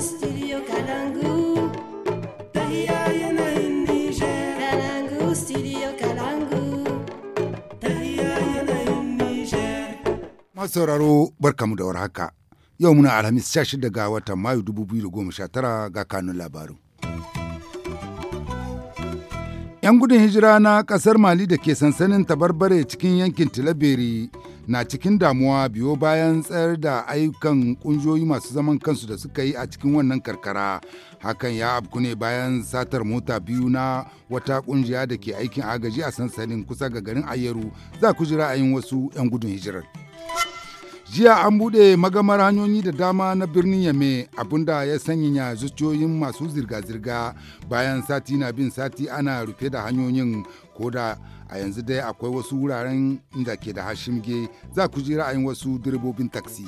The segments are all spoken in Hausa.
studio sauraro barkamu da haka Yau muna Alhamis 16 ga watan Mayu 2019 ga kanun labaru. 'Yan gudun hijira na kasar Mali da ke sansanin tabarbare cikin yankin Tilaberi na cikin damuwa biyo bayan tsayar da ayyukan ƙungiyoyi masu zaman kansu da suka yi a cikin wannan karkara. Hakan ya afku ne bayan satar mota biyu na wata ƙungiya da ke aikin agaji a sansanin kusa ga garin ayyaru za ku ji ra'ayin wasu 'yan gudun hijirar. jiya an buɗe magamar hanyoyi da dama na birnin yame abinda ya sanyaya zuciyoyin masu zirga-zirga bayan sati na bin sati ana rufe da hanyoyin ko da a yanzu dai akwai wasu wuraren inda ke da hashimge za ku ji ra'ayin wasu direbobin taksi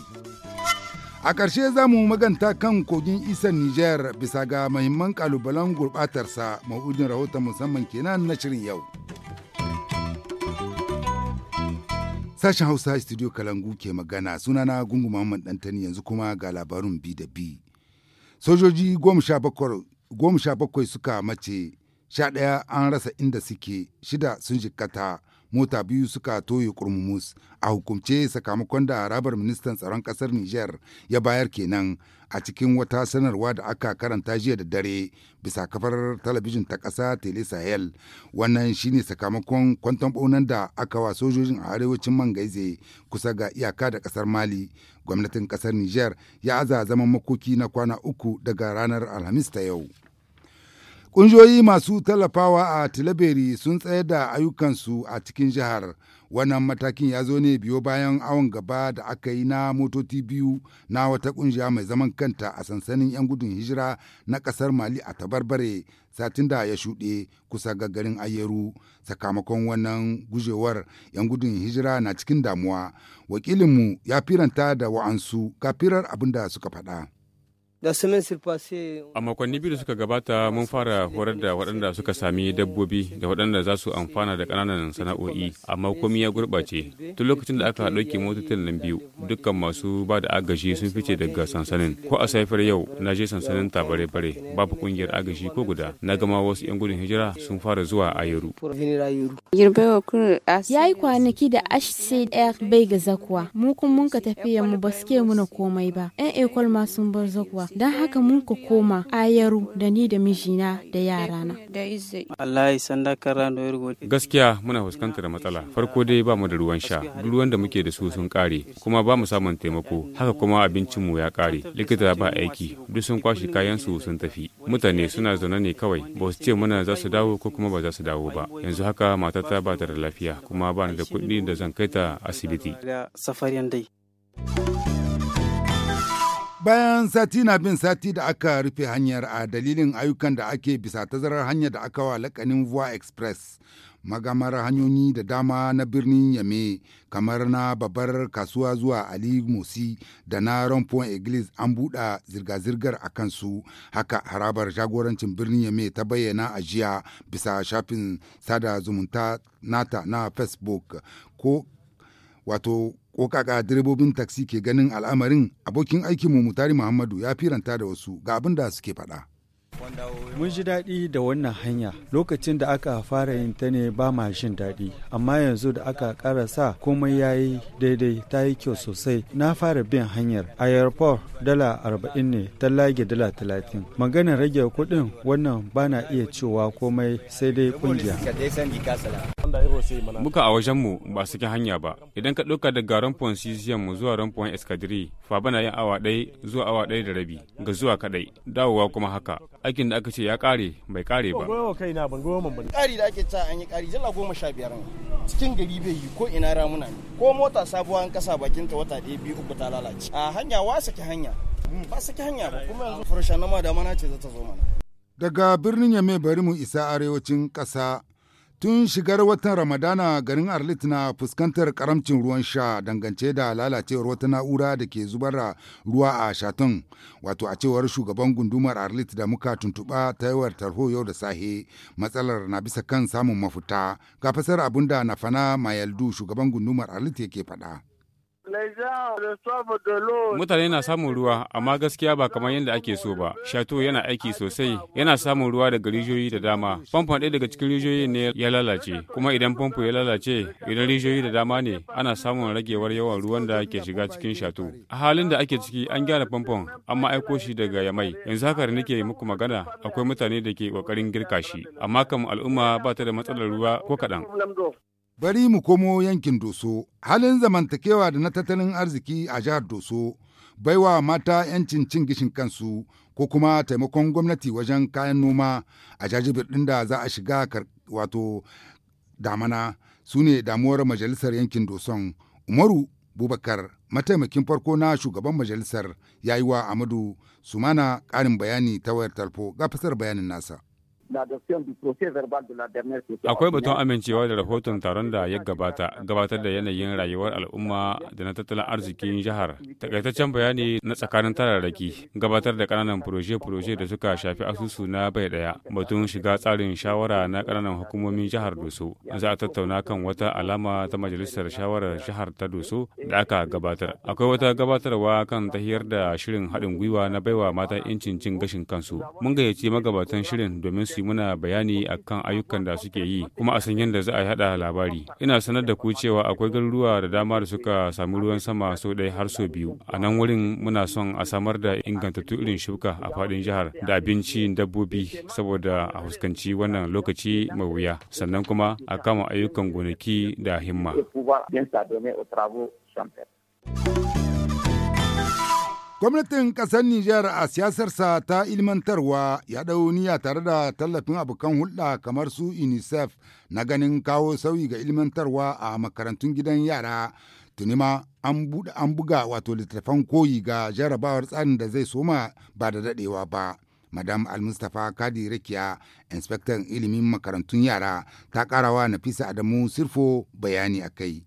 a ƙarshe za mu maganta kan kogin isan niger bisa ga mahimman ƙalubalen gurɓatarsa ma'udin rahoton musamman kenan na shirin yau Sashen Hausa Studio Kalangu ke magana sunana Gungu Muhammad Dantani yanzu kuma ga labarun b da bi. Sojoji goma sha bakwai suka mace sha ɗaya an rasa inda suke shida sun jikata mota biyu suka toye kurmumus a hukumce sakamakon da harabar ministan tsaron kasar niger ya bayar kenan a cikin wata sanarwa da aka karanta jiya da dare bisa kafar talabijin ta ƙasa tele sahel wannan shine sakamakon kwanton ɓaunan da aka wa sojojin a arewacin man mangaize kusa ga iyaka da ƙasar mali gwamnatin ƙasar niger ya aza zaman makoki na kwana uku daga ranar alhamis ta yau Ƙungiyoyi masu tallafawa a Tilaberi sun tsayar da ayyukansu a cikin jihar. Wannan matakin ya zo ne biyo bayan awon gaba da aka yi na motoci biyu na wata ƙungiya mai zaman kanta a sansanin 'yan gudun hijira na ƙasar Mali a tabarbare satin da ya shuɗe kusa ga garin Ayeru. Sakamakon wannan gujewar 'yan gudun hijira na cikin damuwa. Wakilinmu ya firanta da wa'ansu kafirar abin da suka faɗa. A makonni biyu da suka gabata mun fara horar da waɗanda suka sami dabbobi da waɗanda za su amfana da ƙananan sana'o'i, amma komi ya gurɓace. Tun lokacin da aka ɗauke motocin nan biyu, dukkan masu ba da agaji sun fice daga sansanin. Ko a safiyar yau, na je sansanin tabare-bare, babu ƙungiyar agaji ko guda. Na gama wasu 'yan gudun hijira sun fara zuwa a Yeru. Ya yi kwanaki da HCR bai ga zakuwa, mu kuma mun ka tafiya mu ba suke muna komai ba. 'Yan ekol ma sun bar zakuwa. don haka mun ka koma ayaru da ni da mijina da yarana. Gaskiya muna fuskantar matsala. Farko dai ba mu da ruwan sha, duk ruwan da muke da su sun kare, kuma ba mu samun taimako, haka kuma abincinmu ya kare. Likita ba aiki, duk sun kayan su sun tafi. Mutane suna zaune ne kawai, ba su ce muna za su dawo ko kuma ba za su dawo ba. Yanzu haka matata ba ta da lafiya, kuma ba ni da kuɗi da zan kai ta asibiti. bayan sati na bin sati da aka rufe hanyar a dalilin ayyukan da ake bisa tazarar hanyar da aka wa lakanin vuwa express magamar hanyoyi da dama na birnin yame kamar na babbar kasuwa zuwa ali musi da na rompon iglis an buɗa zirga-zirgar a kansu haka harabar jagorancin birnin yame ta bayyana a jiya bisa shafin sada zumunta nata na facebook ko wato ko kaka direbobin taksi ke ganin al'amarin abokin aikinmu mutari muhammadu ya firanta da wasu ga abin da suke faɗa. Mun ji daɗi da wannan hanya. Lokacin da aka fara yin ta ne ba ma jin daɗi, amma yanzu da aka ƙara sa komai ya yi daidai ta yi kyau sosai. Na fara bin hanyar. A dala arba'in ne, ta lage dala talatin. Maganar rage kuɗin wannan ba na iya cewa komai sai dai ƙungiya. Muka a wajenmu ba suke hanya ba, idan ka ɗauka daga rampon Sisiyan mu zuwa rampon Escadrille, fa bana yin awa ɗaya zuwa awa ɗaya da rabi ga zuwa kaɗai, dawowa kuma haka. aikin da aka ce ya kare bai kare ba. Gowa kai na ban goma ban. Kari da ake cewa an yi kari jala goma sha biyar ne. Cikin gari bai yi ko ina ramuna ne. Ko mota sabuwa an kasa bakin ta wata ɗaya biyu uku ta lalace. A hanya wa saki hanya. Ba saki hanya ba kuma yanzu nama da mana ce zata zo mana. Daga birnin Yame bari mu isa arewacin ƙasa Tun shigar watan Ramadana garin Arlit na fuskantar karamcin ruwan sha dangance da lalacewar wata na'ura da ke zubar ruwa a shatun. Wato a cewar shugaban gundumar Arlit da muka tuntuɓa ta yawar tarho yau da sahe matsalar na bisa kan samun mafuta. Ga fasar abinda na fana Mayaldu shugaban gundumar Arlit yake faɗa. Mutane na samun ruwa, amma gaskiya ba kamar yadda ake so ba. Shato yana aiki sosai, yana samun ruwa daga rijiyoyi da dama. Famfo ɗaya daga cikin rijiyoyi ne ya lalace, kuma idan famfo ya lalace, idan rijiyoyi da dama ne, ana samun ragewar yawan ruwan da ke shiga cikin shato. A halin da ake ciki an gyara famfon, amma aiko shi daga Yamai. Yanzu haka da nake muku magana, akwai mutane da ke ƙoƙarin girka shi, amma kam al'umma ba ta da matsalar ruwa ko kaɗan. Bari mu komo yankin Doso, halin zamantakewa da na tattalin arziki a jihar Doso, baiwa mata 'yancin cin gishin kansu ko kuma taimakon gwamnati wajen kayan noma a jajibir ɗin da za a shiga wato damana su ne damuwar majalisar yankin Doson. Umaru Bubakar, mataimakin farko na shugaban majalisar, ya yi wa Amadu Sumana ƙarin bayani ta wayar talfo ga fasar bayanin nasa. Akwai batun amincewa da rahoton taron da ya gabata gabatar da yanayin rayuwar al'umma da na tattalin arzikin jihar. Takaitaccen bayani na tsakanin tararraki gabatar da ƙananan furoje-furoje da suka shafi asusu na bai daya batun shiga tsarin shawara na ƙananan hukumomin jihar Doso. Za a tattauna kan wata alama ta majalisar shawarar jihar ta Doso da aka gabatar. Akwai wata gabatarwa kan tahiyar da shirin haɗin gwiwa na baiwa mata 'yancin cin gashin kansu. Mun gayyaci magabatan shirin domin su su muna bayani akan ayyukan da suke yi kuma a san yadda za a haɗa labari. Ina sanar da ku cewa akwai garuruwa da dama da suka samu ruwan sama sau ɗaya har sau biyu. A nan wurin muna son a samar da ingantattu irin shuka a faɗin jihar da abinci dabbobi saboda a fuskanci wannan lokaci mai wuya sannan kuma a kama ayyukan gonaki da himma. Gwamnatin ƙasar Nijar a siyasarsa ta ilmantarwa ya ɗau niyya tare da tallafin abokan hulɗa kamar su UNICEF na ganin kawo sauyi ga ilmantarwa a makarantun gidan yara. Tuni ma an buga wato littattafan koyi ga jarabawar tsarin da zai soma ba da daɗewa ba. Madam Al-Mustapha Kadi Rakiya, inspektan ilimin makarantun yara, ta ƙarawa Nafisa Adamu Sirfo bayani a kai.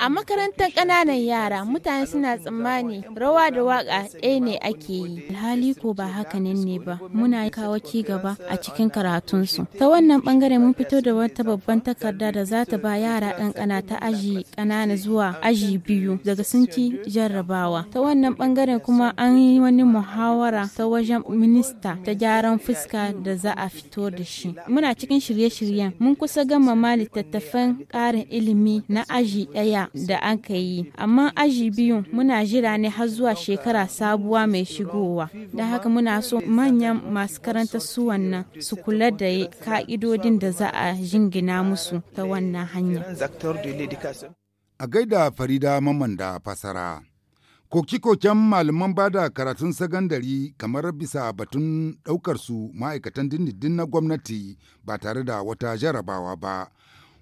A makarantar ƙananan yara mutane suna tsammani rawa da waƙa ɗaya ne ake yi. Alhali ko ba hakanin ne ba muna kawo ci gaba a cikin karatunsu. Ta wannan ɓangare mun fito da wata babban takarda da za ta ba yara ƙanƙana ta aji ƙanana zuwa aji biyu daga sun ci jarrabawa. Ta wannan ɓangaren kuma an yi wani muhawara ta wajen minista ta gyaran fuska da za a fito da shi. Muna cikin shirye-shiryen mun kusa gama ma littattafan ƙarin ilimi na aji ɗaya da aka yi, amma aji biyu muna jira ne har zuwa shekara sabuwa mai shigowa. Da haka muna so manyan masu karanta su wannan su kula da ka'idodin da za a jingina musu ta wannan hanya. A gaida Farida Mamman da fasara. Koke-koken malaman ba da karatun sagandari kamar bisa batun ɗaukarsu ma'aikatan dindindin na gwamnati ba tare da wata jarabawa ba,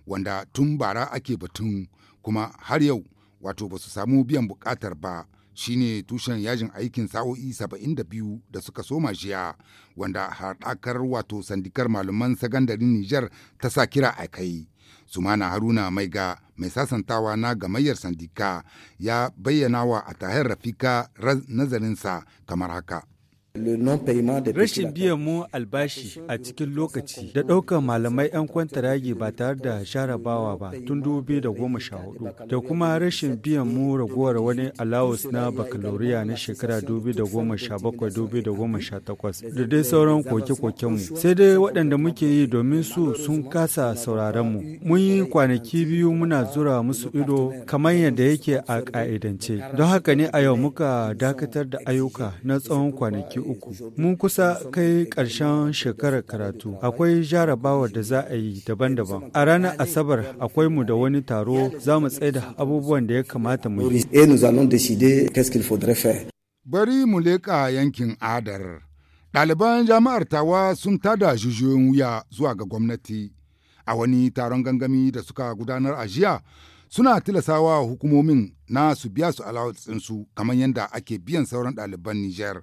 wanda tun bara ake batun kuma har yau wato ba su samu biyan buƙatar ba shine tushen yajin aikin sa'o'i 72 da suka soma jiya wanda haɗakar wato sandikar malaman sagandarin Nijar ta sa kira a kai. Sumana Haruna Maiga mai sasantawa na gamayyar sandika ya bayyana wa a tahir Rafika nazarinsa kamar haka. Rashin biyan mu albashi a cikin lokaci da ɗaukar malamai 'yan kwantaragi ba tare da sharabawa ba tun hudu da kuma rashin biyan mu ragowar wani alawus na bakaloriya na shekara 2017-2018 da dai sauran koke-koken mu. Sai dai waɗanda muke yi domin su sun kasa sauraron mu. Mun yi kwanaki biyu muna zura musu ido kamar yadda yake a ƙa'idance. Don haka ne a yau muka dakatar da ayyuka na tsawon kwanaki uku. Mun kusa kai ƙarshen shekarar karatu. Akwai jarabawar da za a yi daban-daban. A ranar Asabar akwai mu da wani taro za mu da abubuwan da ya kamata mu yi. Bari mu leƙa yankin Adar. Ɗaliban jama'ar tawa sun tada jijiyoyin wuya zuwa ga gwamnati. A wani taron gangami da suka gudanar a jiya, suna tilasawa hukumomin na su biya su allowance ɗinsu kamar yadda ake biyan sauran ɗaliban Nijar.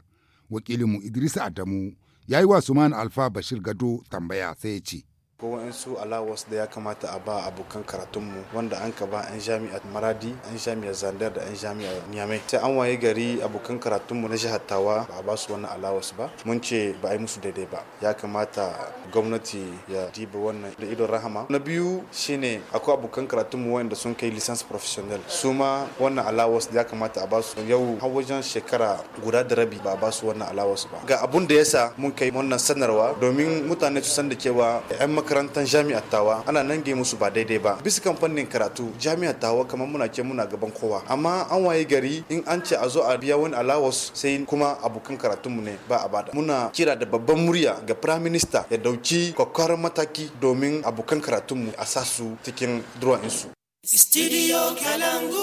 wakilinmu Idrisu adamu ya yi wa suman alfa bashir gado tambaya sai ya ce ko wa'ansu alawas da ya kamata a ba abokan karatunmu wanda an ka ba 'yan jami'a maradi an jami'a zandar da 'yan jami'a nyamai sai an waye gari abokan karatunmu na jihar tawa ba a ba su wannan alawas ba mun ce ba a yi musu daidai ba ya kamata gwamnati ya diba wannan da idon rahama na biyu shine akwai abokan karatunmu wanda sun kai license professional su ma wannan alawas da ya kamata a ba su yau har wajen shekara guda da rabi ba a ba su wannan alawas ba ga abun da yasa mun kai wannan sanarwa domin mutane su san da cewa 'yan makarantar jami'ar tawa ana nan gai musu ba daidai ba bisa kan karatu jami'ar tawa kamar muna ce muna gaban kowa amma an waye gari in an ce a zo a biya wani alawas sai kuma abokan mu ne ba a bada muna kira da babban murya ga prime minister ya dauki kwakwaran mataki domin abokan karatunmu a sa su cikin insu. Studio Kalangu.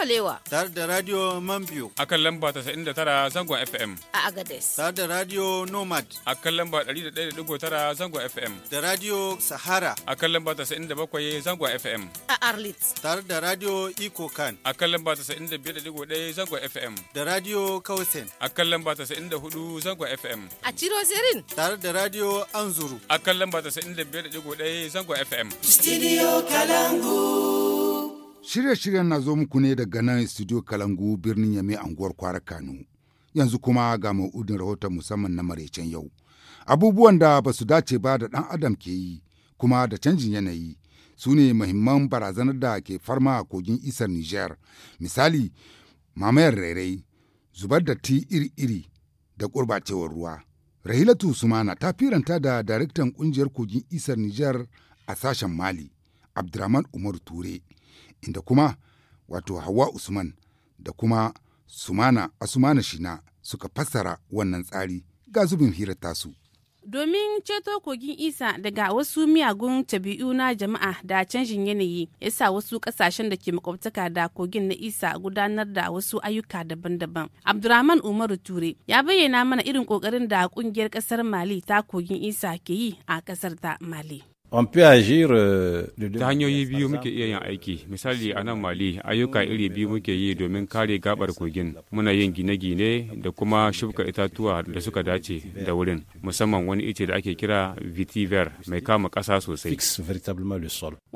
Kwalewa. Tare da Radio Mambiyo. A kan lamba 99 zangon FM. A Agades. Tare da Radio Nomad. A kan lamba 101.9 zangon FM. Da Radio Sahara. A kan lamba 97 zangon FM. A Arlit. Tare da Radio Iko Kan. A kan lamba 95.1 zangon FM. Da Radio Kausen. A kan lamba 94 zangon FM. A Ciro Zerin. Tare da Radio Anzuru. A kan lamba 95.1 zangon FM. Studio Kalangu. Shirye-shiryen na zo muku ne daga nan studio Kalangu birnin Yame anguwar Kwara Kano. Yanzu kuma ga ma'udin rahoton musamman na maraicen yau. Abubuwan da ba su dace ba da ɗan adam ke yi kuma da canjin yanayi su ne mahimman barazanar da ke farma a kogin isar nijar Misali, mamayar rairai, zubar da ti iri-iri da gurbacewar ruwa. Rahilatu Sumana ta firanta da daraktan ƙungiyar kogin isar Nijar a sashen Mali, Abdurrahman Umar Ture, inda kuma wato Hawa Usman da kuma Sumana Asumana Shina suka fassara wannan tsari ga zubin hirar tasu. Domin ceto kogin Isa daga wasu miyagun tabi'u na jama'a da canjin yanayi ya sa wasu kasashen da ke makwabtaka da kogin na Isa gudanar da wasu ayyuka daban-daban. Abdurrahman Umaru Ture ya bayyana mana irin kokarin da kungiyar kasar Mali ta kogin Isa ke yi a kasar ta Mali. On peut agir euh, ta hanyoyi biyu muke iya yin aiki misali a nan mali ayyuka iri biyu muke yi domin kare gabar kogin muna yin gine-gine da kuma shuka itatuwa da suka dace da wurin musamman wani ice da ake kira vitiver mai kama ƙasa sosai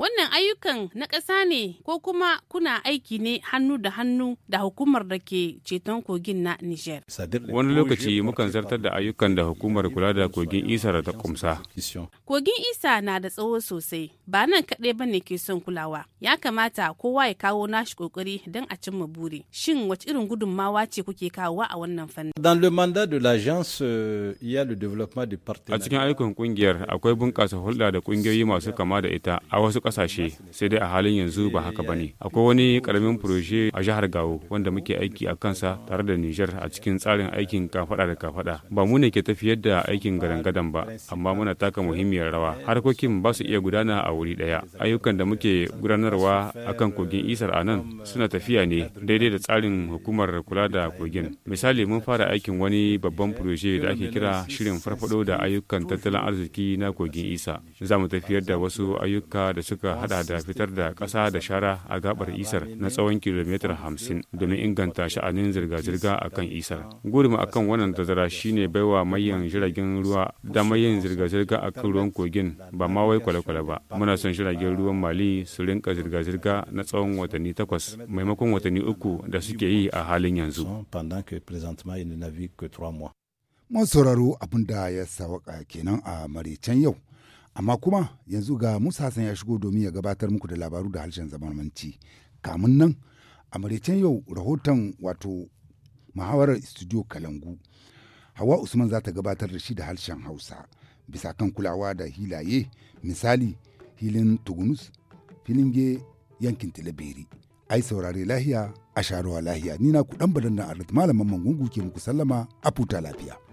wannan ayyukan na ƙasa ne ko kuma kuna aiki ne hannu da hannu da hukumar da ke ceton kogin na niger wani lokaci mukan zartar da ayyukan da hukumar kula da kogin isa da ta kumsa kogin isa na da da tsawo sosai ba nan kaɗai ba ne ke son kulawa ya kamata kowa ya kawo nashi kokari don a cimma buri shin wace irin gudunmawa ce kuke kawowa a wannan fannin dans le mandat de l'agence euh, il y a le développement du a cikin aikin kungiyar akwai bunƙasa hulɗa da kungiyoyi masu kama da ita a wasu ƙasashe sai dai a halin yanzu ba haka ba ne. akwai wani karamin proje a jihar Gawo wanda muke aiki a kansa tare da Niger a cikin tsarin aikin kafada da kafada ba mu ne ke tafiyar da aikin gadan-gadan ba amma muna taka muhimmiyar rawa harkokin ba su iya gudana a wuri daya ayyukan da muke gudanarwa a kan kogin isar a nan suna tafiya ne daidai da tsarin hukumar kula da kogin misali mun fara aikin wani babban proje da ake kira shirin farfado da ayyukan tattalin arziki na kogin isa za mu tafiyar da wasu ayyuka da suka hada da fitar da ƙasa da shara a gabar isar na tsawon kilomita hamsin domin inganta sha'anin zirga-zirga a kan isar gurin akan wannan tazara shine baiwa mayan jiragen ruwa damar yin zirga-zirga a kan ruwan kogin ba ma wai kwale-kwale ba muna son jiragen ruwan mali su rinka zirga-zirga na tsawon watanni takwas maimakon watanni uku da suke yi a halin yanzu mun sauraro abin da ya sawaka kenan a maraicen yau amma kuma yanzu ga musa san ya shigo domin ya gabatar muku da labaru da harshen zamananci kamun nan a maraicen yau rahoton wato muhawarar studio kalangu hawa usman za ta gabatar da shi da harshen hausa bisa kan kulawa da hilaye misali hilin tugunus filin ge yankin tilaberi ai saurare lahiya a sharuwa lahiya nina na ku dan badan da malaman mangungu ke muku sallama a futa lafiya